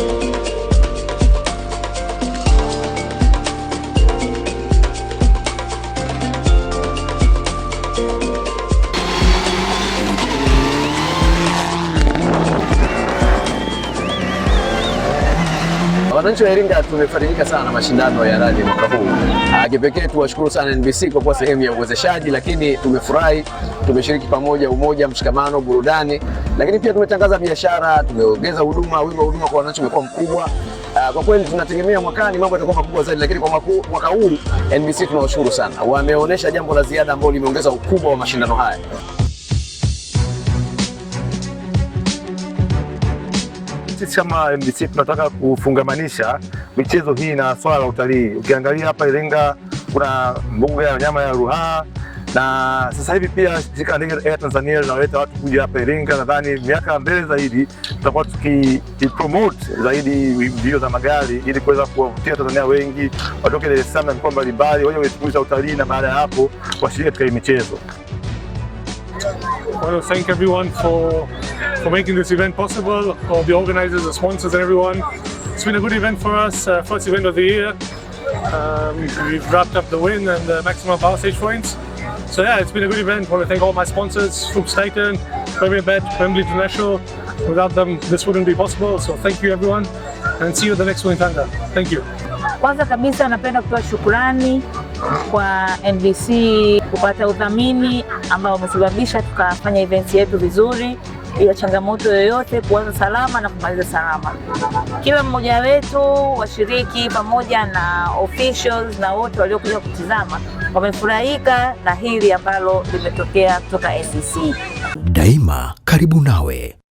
Thank you. Wananchi wa Iringa tumefarijika sana na mashindano ya rally mwaka huu. Ah, kipekee tuwashukuru sana NBC kwa kuwa sehemu ya uwezeshaji, lakini tumefurahi, tumeshiriki pamoja, umoja, mshikamano, burudani, lakini pia tumetangaza biashara, tumeongeza huduma, wigo wa huduma kwa wananchi umekuwa mkubwa. Ah, kwa kweli tunategemea mwakani mambo yatakuwa makubwa zaidi, lakini kwa mwaka huu NBC tunawashukuru sana, wameonyesha jambo la ziada ambalo limeongeza ukubwa wa mashindano haya. sisi kama MDC tunataka kufungamanisha michezo hii na swala la utalii. Ukiangalia hapa Iringa kuna mbuga ya wanyama ya Ruaha na sasa hivi pia shirika la Tanzania linawaleta watu kuja hapa Iringa. Nadhani miaka mbele zaidi tutakuwa tukipromote zaidi mbio za magari ili kuweza kuwavutia Tanzania wengi watoke Dar es Salaam na mikoa mbalimbali waje waitukuza utalii na baada ya hapo washiriki katika michezo. Well, thank everyone for for making this event possible, all the organizers, the sponsors, and everyone. It's been a good event for us, uh, first event of the year. Um, we've wrapped up the win and the maximum power stage points. So yeah, it's been a good event. I want to thank all my sponsors, Fuchs Titan, Premier Bet, Wembley International. Without them, this wouldn't be possible. So thank you everyone and see you at the next one in Tanga. Thank you. Kwanza kabisa napenda kutoa shukurani kwa NBC kupata udhamini ambao umesababisha tukafanya event yetu vizuri. ya changamoto yoyote kuanza salama na kumaliza salama. Kila mmoja wetu washiriki, pamoja na officials na wote waliokuja kutizama wamefurahika na hili ambalo limetokea kutoka ACC. Daima karibu nawe.